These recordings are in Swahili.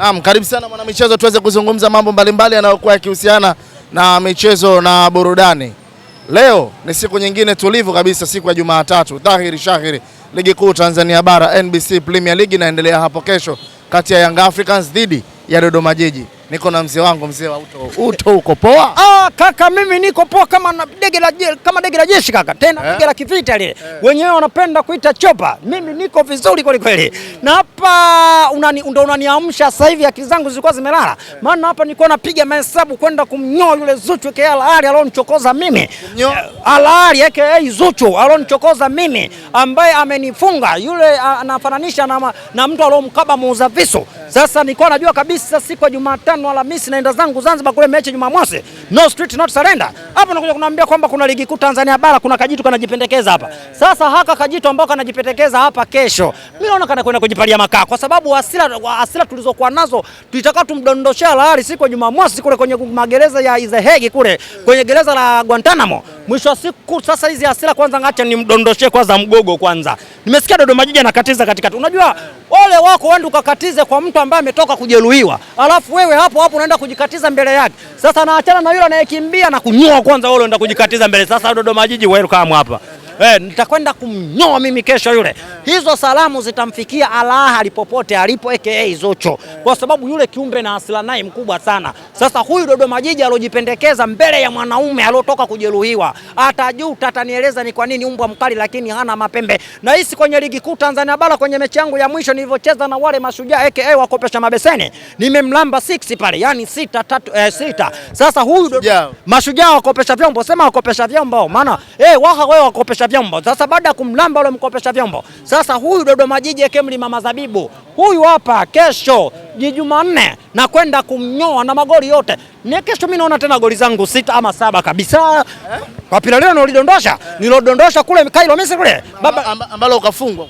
Naam, karibu sana mwana michezo tuweze kuzungumza mambo mbalimbali yanayokuwa yakihusiana na michezo na burudani. Leo ni siku nyingine tulivu kabisa, siku ya Jumatatu, dhahiri shahiri, ligi kuu Tanzania Bara, NBC Premier League inaendelea hapo kesho, kati ya Young Africans dhidi ya Dodoma Jiji niko na mzee wangu mzee wa uto. Uto uko poa? Ah, kaka mimi niko poa kama na dege la kama dege la jeshi kaka, tena eh? dege la kivita lile eh, wenyewe wanapenda kuita chopa. Mimi niko vizuri kweli kweli mm. na hapa unani, ndo unaniamsha sasa hivi, akili zangu zilikuwa zimelala eh, maana hapa nilikuwa napiga mahesabu kwenda kumnyoa yule Zuchu ke Alaali alionchokoza mimi Nyo. Eh, Alaali aka Zuchu alionchokoza mimi ambaye amenifunga yule, anafananisha na, na mtu aliyomkaba muuza visu sasa nilikuwa najua kabisa siku ya Jumatano, Alhamisi naenda zangu Zanzibar kule mechi Jumamosi. No street not surrender. Hapo nakuja kunaambia kwamba kuna ligi kuu Tanzania bara kuna kajitu kanajipendekeza hapa. Sasa haka kajitu ambao kanajipendekeza hapa kesho. Mimi naona kana kwenda kujipalia makaa kwa sababu hasira hasira tulizokuwa nazo tulitaka tumdondoshea lahari siku ya Jumamosi kule kwenye magereza ya Izehegi kule kwenye gereza la Guantanamo. Mwisho wa siku sasa hizi hasira kwanza, ngacha nimdondoshe kwanza mgogo kwanza. Nimesikia Dodoma Jiji anakatiza katikati. Unajua ole wako wende ukakatize kwa mtu ambaye ametoka kujeruhiwa, alafu wewe hapo hapo unaenda kujikatiza mbele yake. Sasa naachana na yule anayekimbia na kunyoa kwanza, ole unaenda kujikatiza mbele. Sasa Dodoma Jiji welcome hapa eh, nitakwenda kumnyoa mimi kesho yule. Hizo salamu zitamfikia Allah alipopote alipo, aka Zuchu, kwa sababu yule kiumbe na hasira naye mkubwa sana. Sasa huyu Dodoma Jiji alojipendekeza mbele ya mwanaume aliotoka kujeruhiwa atajuta, atanieleza ni kwa nini umbwa mkali lakini hana mapembe. Na hisi kwenye ligi kuu Tanzania bara kwenye mechi yangu ya mwisho nilivyocheza na wale mashujaa aka wakopesha mabeseni nimemlamba 6 pale, yani sita tatu, eh, sita. Sasa huyu mashujaa wakopesha vyombo, sema wakopesha vyombo maana eh, waha wewe wakopesha vyombo. Sasa baada ya kumlamba ule mkopesha vyombo, sasa huyu Dodoma Jiji Ekemri mlima mazabibu huyu hapa kesho ni Jumanne na kwenda kumnyoa na magoli yote. Ni kesho mimi naona tena goli zangu sita ama saba kabisa. Eh? Kwa pila leo nilidondosha, nilodondosha kule Kairo Misri kule. Baba ambalo ukafungwa.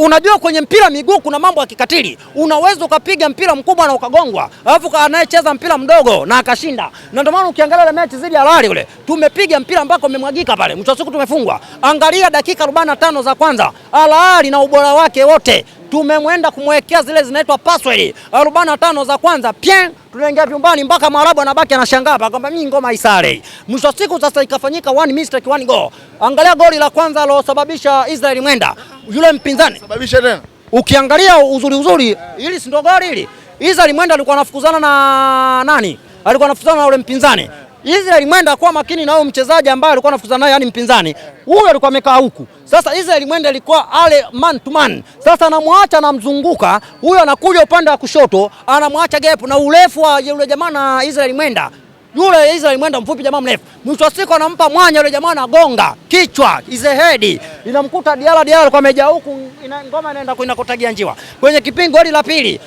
Unajua kwenye mpira miguu kuna mambo ya kikatili. Unaweza ukapiga mpira mkubwa na ukagongwa, alafu anayecheza mpira mdogo na akashinda. Na ndio maana ukiangalia ile mechi zidi halali ule, tumepiga mpira ambako umemwagika pale, mwisho wa siku tumefungwa. Angalia dakika 45 za kwanza, halali na ubora wake wote tumemwenda kumwekea zile zinaitwa password 45 za kwanza pien tunaingia vyumbani mpaka Mwarabu anabaki anashangaa hapa kwamba mimi ngoma isare. Mwisho wa siku sasa ikafanyika one mistake one goal. Angalia goli la kwanza alosababisha Israel Mwenda yule mpinzani. Sababisha tena. Ukiangalia uzuri uzuri, hili si ndo goli hili. Israel Mwenda alikuwa anafukuzana na nani? Alikuwa anafukuzana na yule mpinzani. Israel Mwenda alikuwa makini na huyo mchezaji ambaye alikuwa anafukuzana naye, yani mpinzani huyo alikuwa amekaa huku. Sasa Israel Mwenda alikuwa ale man to man, sasa anamwacha anamzunguka, huyo anakuja upande wa kushoto anamwacha gap, na urefu wa yule jamaa na Israel Mwenda yule Israel Mwenda mfupi, jamaa mrefu. Mwisho wa siku anampa mwanya yule jamaa, anagonga kichwa izehedi, inamkuta Diala. Diala alikuwa amejaa huku, ngoma inaenda kuinakotagia njiwa kwenye kipingo hili la pili.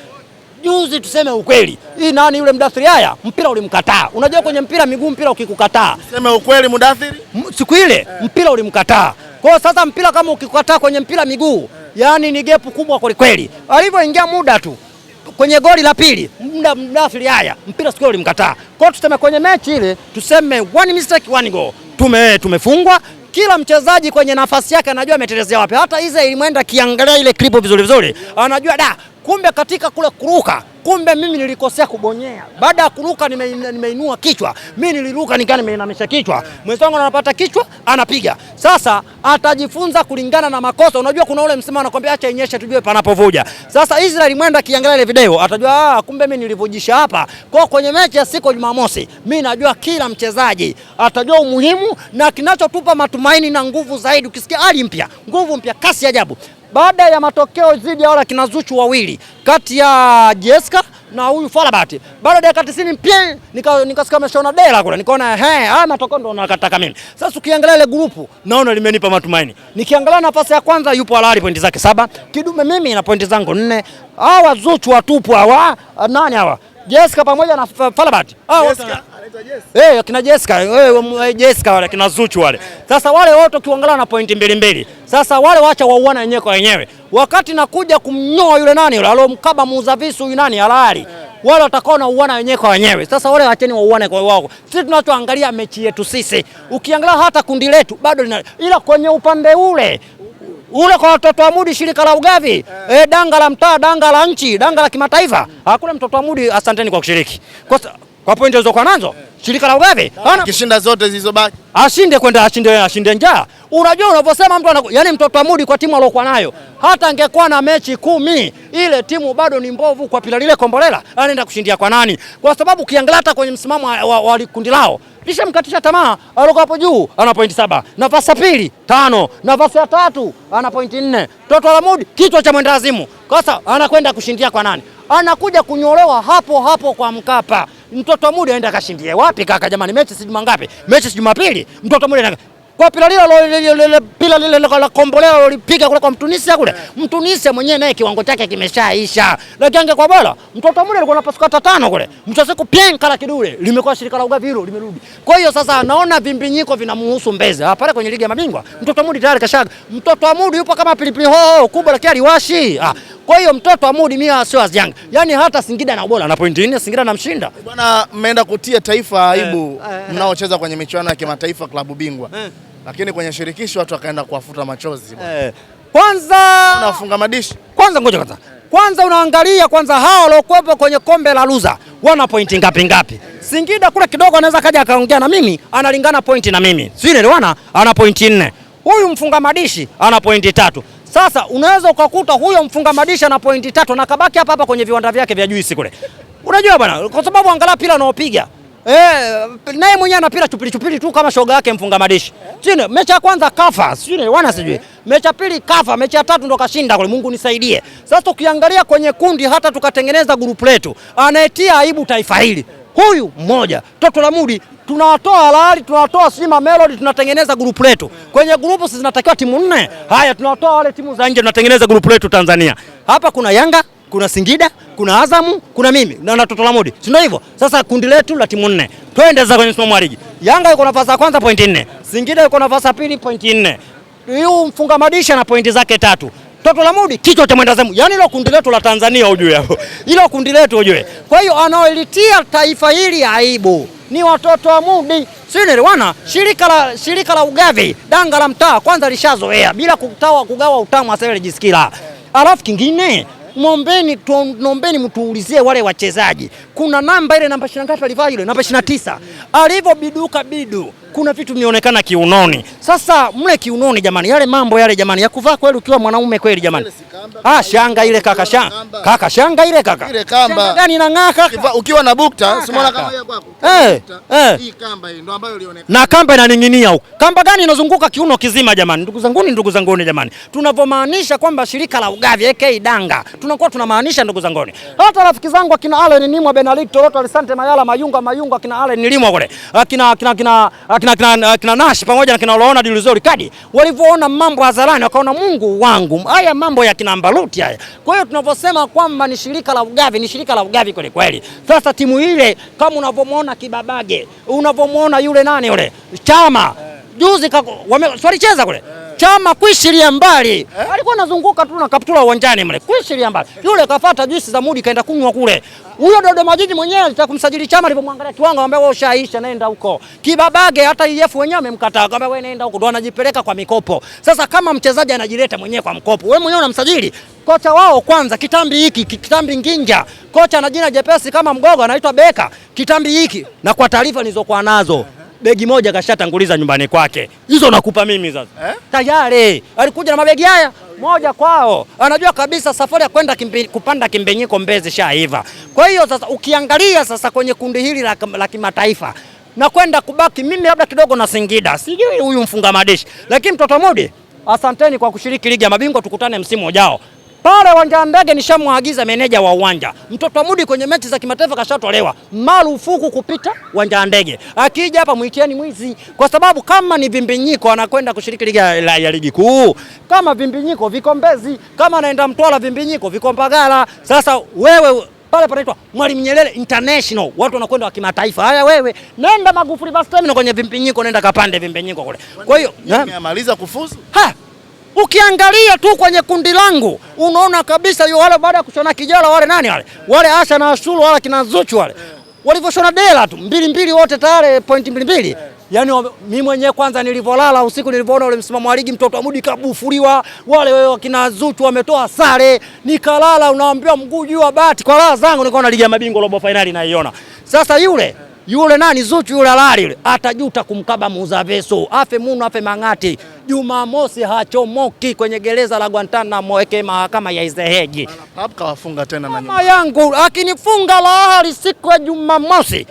Juzi tuseme ukweli, hii nani yule Mdathiri haya mpira ulimkataa. Unajua kwenye mpira miguu, mpira ukikukataa, tuseme ukweli, Mdathiri siku ile mpira ulimkataa. Kwa sasa mpira kama ukikukataa kwenye mpira miguu, yani ni gepu kubwa kweli. Alivyoingia muda tu kwenye goli la pili muda Mdathiri haya mpira siku ile ulimkataa. Kwa tuseme kwenye mechi ile, tuseme one mistake one goal, tume tumefungwa kila mchezaji kwenye nafasi yake anajua ametelezea wapi. Hata Iza ilimwenda kiangalia ile clip vizuri vizuri, anajua da Kumbe katika kule kuruka, kumbe mimi nilikosea kubonyea. Baada ya kuruka nime, nimeinua kichwa, mi niliruka nikaa nimeinamisha kichwa, mwenzangu anapata kichwa anapiga. Sasa atajifunza kulingana na makosa. Unajua kuna ule msema anakwambia acha inyeshe tujue panapovuja. Sasa Israeli mwenda akiangalia ile video atajua, ah, kumbe mi nilivujisha hapa. Kwa kwenye mechi ya siku Jumamosi, mi najua kila mchezaji atajua umuhimu na kinachotupa matumaini na nguvu zaidi, ukisikia hali mpya, nguvu mpya, kasi ajabu baada ya matokeo dhidi ya wala kinazuchu wawili kati ya Jessica na huyu Farabati, baada ya dakika 90 mpye nikasikia mshona dela kule, nikaona ehe, haya matokeo ndo nakataka mimi. Sasa ukiangalia ile grupu, naona limenipa matumaini. Nikiangalia nafasi ya kwanza yupo Alali pointi zake saba, Kidume mimi na pointi zangu nne, hawa zuchu watupu hawa nani hawa Jessica pamoja na Farabati hawa eh, kina Jessica eh, eh Jessica wale kina Zuchu wale. Sasa wale wote ukiangalia na pointi mbili mbili. Sasa wale wacha wauana wenyewe kwa wenyewe. Wakati nakuja kumnyoa yule nani yule alomkaba muuza visu yule nani halali. Wale watakao na uana wenyewe kwa wenyewe. Sasa wale wacheni wauane kwa wao. Sisi tunachoangalia mechi yetu sisi. Ukiangalia hata kundi letu bado lina ila kwenye upande ule ule kwa watoto wa Mudi, shirika la ugavi eh, eh danga la mtaa, danga la nchi, danga la kimataifa, hakuna mtoto wa Mudi. Asanteni kwa kushiriki kwa kwa pointi zilizokuwa nazo Shirika la ugavi kishinda zote zilizobaki, ashinde kwenda ashinde, ashinde njaa. Unajua unavyosema mtu anaku... yani, mtoto amudi kwa timu aliyokuwa nayo Hata angekuwa na mechi kumi ile timu bado ni mbovu kwa pila lile kombolela, anaenda kushindia kwa nani? Kwa sababu ukiangalia hata kwenye msimamo wa, wa, wa kundi lao mkatisha tamaa. Alikuwa hapo juu ana pointi saba, nafasi ya pili tano, nafasi ya tatu ana pointi nne. Mtoto la mudi kichwa cha mwendawazimu, sasa anakwenda kushindia kwa nani? Anakuja kunyolewa hapo hapo kwa Mkapa mtoto mudi aenda kashindie wapi kaka? Jamani, mechi si Jumangapi? Mechi si Jumapili? Mtoto mudi anaka kwa pila lile lile pila lile la kombolea lolipiga kule kwa Mtunisia kule, eh. Mtunisia mwenyewe naye kiwango chake kimeshaisha, lakini ange kwa bora mtoto mule alikuwa anapasuka hata tano kule mchasiku pienka la kidule limekuwa shirika la ugavi hilo limerudi. Kwa hiyo sasa naona vimbinyiko vinamhusu Mbeza hapa pale kwenye ligi ya mabingwa, mtoto mudi tayari kashaga. Mtoto mudi yupo kama pilipili hoho kubwa, lakini aliwashi ah kwa hiyo mtoto amudi mimi sio Yanga. Yaani hata Singida na ubora na point nne Singida namshinda. Bwana mmeenda kutia taifa aibu eh, eh, eh. mnaocheza kwenye michuano ya kimataifa klabu bingwa lakini kwenye shirikisho watu wakaenda kuwafuta machozi Kwanza unafunga madishi kwanza, ngoja kwanza kwanza unaangalia kwanza hao waliokuwepo kwenye kombe la luza wana pointi ngapi ngapi? Singida kule kidogo anaweza kaja akaongea na mimi, analingana pointi na mimi, Sio ile Ana pointi nne. Huyu mfunga madishi ana pointi tatu. Sasa unaweza ukakuta huyo mfunga madisha na pointi tatu na kabaki hapa hapa kwenye viwanda vyake vya juisi kule, unajua bwana, kwa sababu angalau pila anaopiga Eh, naye mwenyewe anapila chupili chupili tu kama shoga yake mfunga madisha. Sio, mechi ya kwanza kafa, sio wana sijui. Mechi ya pili kafa, mechi ya tatu ndo kashinda kule, Mungu nisaidie. Sasa ukiangalia kwenye kundi hata tukatengeneza grupu letu, anaetia aibu taifa hili huyu mmoja toto la mudi tunawatoa halali, tunawatoa sima melody, tunatengeneza grupu letu. Kwenye grupu sisi zinatakiwa timu nne, haya tunawatoa wale timu za nje, tunatengeneza grupu letu Tanzania. Hapa kuna Yanga, kuna Singida, kuna Azamu, kuna mimi na na toto la mudi, si ndio hivyo? Sasa kundi letu la timu nne, twende sasa kwenye msimamo wa ligi. Yanga yuko nafasi ya kwanza pointi nne, Singida yuko nafasi ya pili pointi nne, huyu mfunga madisha na pointi zake tatu. Toto la Mudi kichwa cha mwenda zamu. Yaani ilo kundi letu la Tanzania ujue Ilo kundi letu ujue. Kwa hiyo anaolitia taifa hili aibu ni watoto wa Mudi. Wana shirika la, shirika la ugavi danga la mtaa kwanza lishazoea bila kutawa, kugawa utamu asele jisikila. Alafu kingine Mombeni, nombeni mtuulizie wale wachezaji, kuna namba ile namba 23 alivaa ile namba 29 alivyobiduka bidu kuna vitu vinaonekana kiunoni. Sasa mle kiunoni, jamani, yale mambo yale jamani, ya kuvaa kweli ukiwa mwanaume kweli jamani. Ah, shanga ile kaka, shanga kaka, shanga ile kaka, ile kamba gani inang'aa kaka, ukiwa na bukta si usimwona kama hiyo kwako. Eh, eh, hii kamba hii ndio ambayo ilionekana, na kamba inaning'inia huko. Kamba gani inazunguka kiuno kizima jamani? Ndugu zangu ni ndugu zangu ni jamani, tunavyomaanisha kwamba shirika la ugavi AK Danga tunakuwa tunamaanisha ndugu zangu zanguni, eh. hata rafiki zangu akina Allen Nimwa Benalito Roto Alisante Mayala Mayunga Mayunga akina Allen Nimwa kule akina akina akina kina, kina, uh, kina Nash pamoja na kina Loona Dilizori kadi walivyoona mambo hadharani, wakaona Mungu wangu, haya mambo ya kina Mbaluti haya. Kwa hiyo tunavyosema kwamba ni shirika la ugavi, ni shirika la ugavi kweli kweli. Sasa timu ile kama unavyomwona Kibabage, unavyomwona yule nani yule Chama juzi swalicheza kule chama kuishilia mbali eh? Alikuwa anazunguka tu na kaptula uwanjani mle kuishilia mbali, yule kafata juisi za mudi kaenda kunywa kule. Huyo Dodoma Jiji mwenyewe alitaka kumsajili chama, alipomwangalia kiwango ambaye wao ushaisha, naenda huko kibabage. Hata IF e wenyewe amemkataa kwamba wewe naenda huko, ndo anajipeleka kwa mikopo. Sasa kama mchezaji anajileta mwenyewe kwa mkopo, wewe mwenyewe unamsajili kocha wao kwanza, kitambi hiki kitambi Nginja, kocha ana jina jepesi kama Mgogo, anaitwa Beka, kitambi hiki na kwa taarifa nilizokuwa nazo begi moja kashatanguliza nyumbani kwake, hizo nakupa mimi sasa eh? Tayari alikuja na mabegi haya moja kwao, anajua kabisa safari ya kwenda kimbe, kupanda Kimbenyiko Mbezi shaiva. Kwa hiyo sasa ukiangalia sasa kwenye kundi hili la, la kimataifa na kwenda kubaki mimi labda kidogo na Singida, sijui huyu mfunga madishi, lakini mtoto Mudi, asanteni kwa kushiriki ligi ya mabingwa, tukutane msimu ujao pale uwanja wa ndege nishamwaagiza meneja wa uwanja. Mtoto wa Mudi kwenye mechi za kimataifa kashatolewa, marufuku kupita uwanja wa ndege. Akija hapa mwitieni mwizi, kwa sababu kama ni vimbinyiko anakwenda kushiriki ligi ya ligi kuu. Kama vimbinyiko viko Mbezi, kama anaenda mtwala vimbinyiko viko Mbagala. Sasa wewe pale panaitwa Mwalimu Nyerere International, watu wanakwenda wa kimataifa. Haya, wewe nenda Magufuli bus terminal kwenye vimbinyiko, nenda kapande vimbinyiko kule. Kwa hiyo amaliza kufuzu ha Ukiangalia tu kwenye kundi langu unaona kabisa hiyo, wale baada ya kushona kijala wale nani wale wale Asha na Asulu wale kina Zuchu wale walivyoshona dela tu mbili mbili wote tayari point mbili mbili. Yani mimi mwenyewe kwanza nilivyolala usiku nilivyoona ule msimamo wa ligi mtoto mudi kabufuliwa, wale wewe kina Zuchu wametoa sare, nikalala unaambiwa mguu juu wa bati. Kwa raha zangu nilikuwa na ligi ya mabingwa robo finali naiona. Sasa yule yule nani Zuchu yule hata atajuta kumkaba muuza veso, afe munu afe mang'ati. Jumamosi hachomoki kwenye gereza la Guantanamo eke mahakama ya Izeheji. Kawafunga tena na mama yangu akinifunga lahali siku ya Jumamosi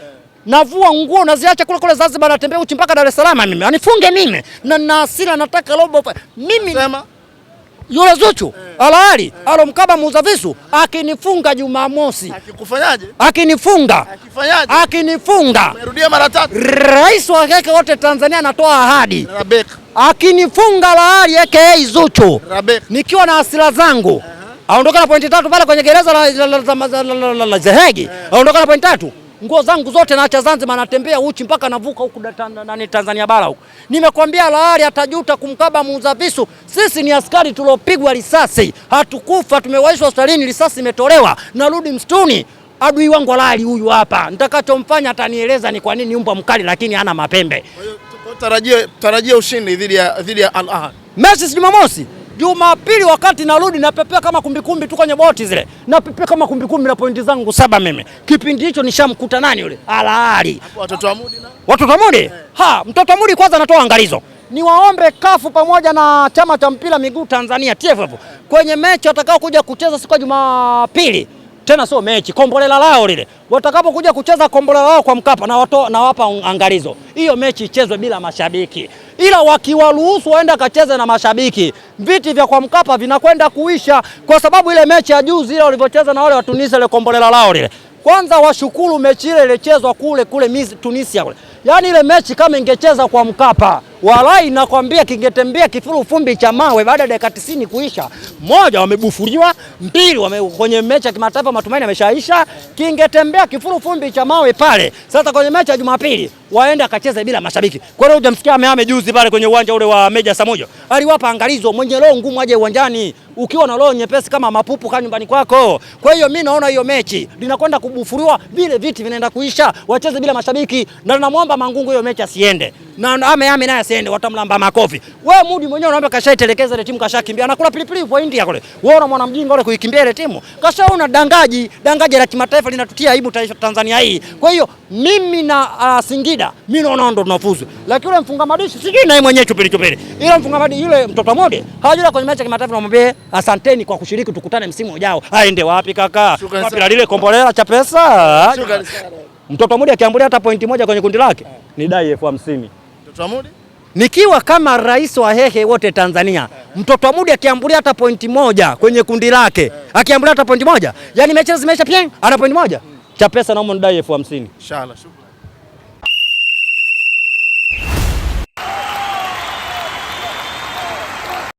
navua nguo naziacha kule kule Zanzibar, natembea uchi mpaka Dar es Salaam, mimi anifunge mimi na na hasira, nataka robo mimi Sema yule Zuchu alaali alomkaba muuza visu akinifunga Jumamosi, akikufanyaje? Akinifunga, akinifunga rais wa keke wote Tanzania anatoa ahadi, akinifunga laali aka Zuchu nikiwa na hasira zangu aondoka na pointi tatu pale kwenye gereza la Zehegi, aondoka na pointi tatu nguo zangu zote naacha Zanzibar, natembea uchi mpaka navuka huku ndani Tanzania bara huku. Nimekwambia Lahari atajuta kumkaba muuza visu. Sisi ni askari tuliopigwa risasi, hatukufa, tumewaishwa hospitalini, risasi imetolewa, narudi msituni. Adui wangu Lahari huyu hapa, nitakachomfanya atanieleza ni kwa nini umbwa mkali, lakini ana mapembe. tarajie ushindi dhidi ya Al Ahly mechi Jumamosi. Jumapili wakati narudi napepea kama kumbi kumbi tu kwenye boti zile, napepea kama kumbi kumbi na pointi zangu saba. Mimi kipindi hicho nishamkuta nani yule alaali watoto wa Mudi na watoto wa Mudi eh. ha, mtoto wa Mudi kwanza anatoa angalizo niwaombe kafu pamoja na chama cha mpira miguu Tanzania TFF kwenye mechi watakao kuja kucheza siku ya Jumapili tena sio mechi, kombolela lao lile. Watakapokuja kucheza kombolela lao kwa Mkapa na wato, na wapa angalizo, hiyo mechi ichezwe bila mashabiki, ila wakiwaruhusu waende akacheze na mashabiki, viti vya kwa Mkapa vinakwenda kuisha, kwa sababu ile mechi ya juzi ile walivyocheza na wale wa Tunisia, ile kombolela lao lile kwanza washukuru mechi ile ilichezwa kule kule Tunisia kule. Yaani ile mechi kama ingecheza kwa Mkapa Walai nakwambia kingetembea kifuru fumbi cha mawe baada ya dakika 90 kuisha. Moja wamebufuriwa, mbili wame, kwenye mechi ya kimataifa matumaini yameshaisha. Kingetembea kifuru fumbi cha mawe pale. Sasa kwenye mechi ya Jumapili waende akacheze bila mashabiki. Kwa hiyo hujamsikia ameame juzi pale kwenye uwanja ule wa Meja Samojo. Aliwapa angalizo mwenye roho ngumu aje uwanjani. Ukiwa na roho nyepesi kama mapupu kwa nyumbani kwako. Kwa hiyo mimi naona hiyo mechi linakwenda kubufuriwa, vile viti vinaenda kuisha, wacheze bila mashabiki na tunamwomba Mangungu hiyo mechi asiende na ame ame naye asiende, watamlamba makofi. Wewe Mudi mwenyewe unaomba kashaitelekeza ile timu kashakimbia, anakula pilipili kwa India kule. Wewe una mwana mjinga ule kuikimbia ile timu, kasha una dangaji dangaji la kimataifa linatutia aibu taifa Tanzania hii. Kwa hiyo mimi na uh, Singida mimi naona ndo tunafuzu, lakini yule mfunga madishi sijui naye mwenyewe chupili chupili, ile mfunga madishi yule mtoto mmoja hawajua kwenye mechi ya kimataifa. Namwambie asanteni kwa kushiriki, tukutane msimu ujao. Aende wapi kaka? Wapi la lile kombolela cha pesa? Mtoto mmoja akiambulia hata pointi moja kwenye kundi lake eh. ni dai elfu hamsini. Mtoto nikiwa kama rais wa hehe wote Tanzania, mtoto wa Mudi akiambulia hata pointi moja kwenye kundi lake, akiambulia hata pointi moja, yani mechi zimeisha, pia ana pointi moja. Hmm. pesa naomba nidai elfu hamsini. Inshallah.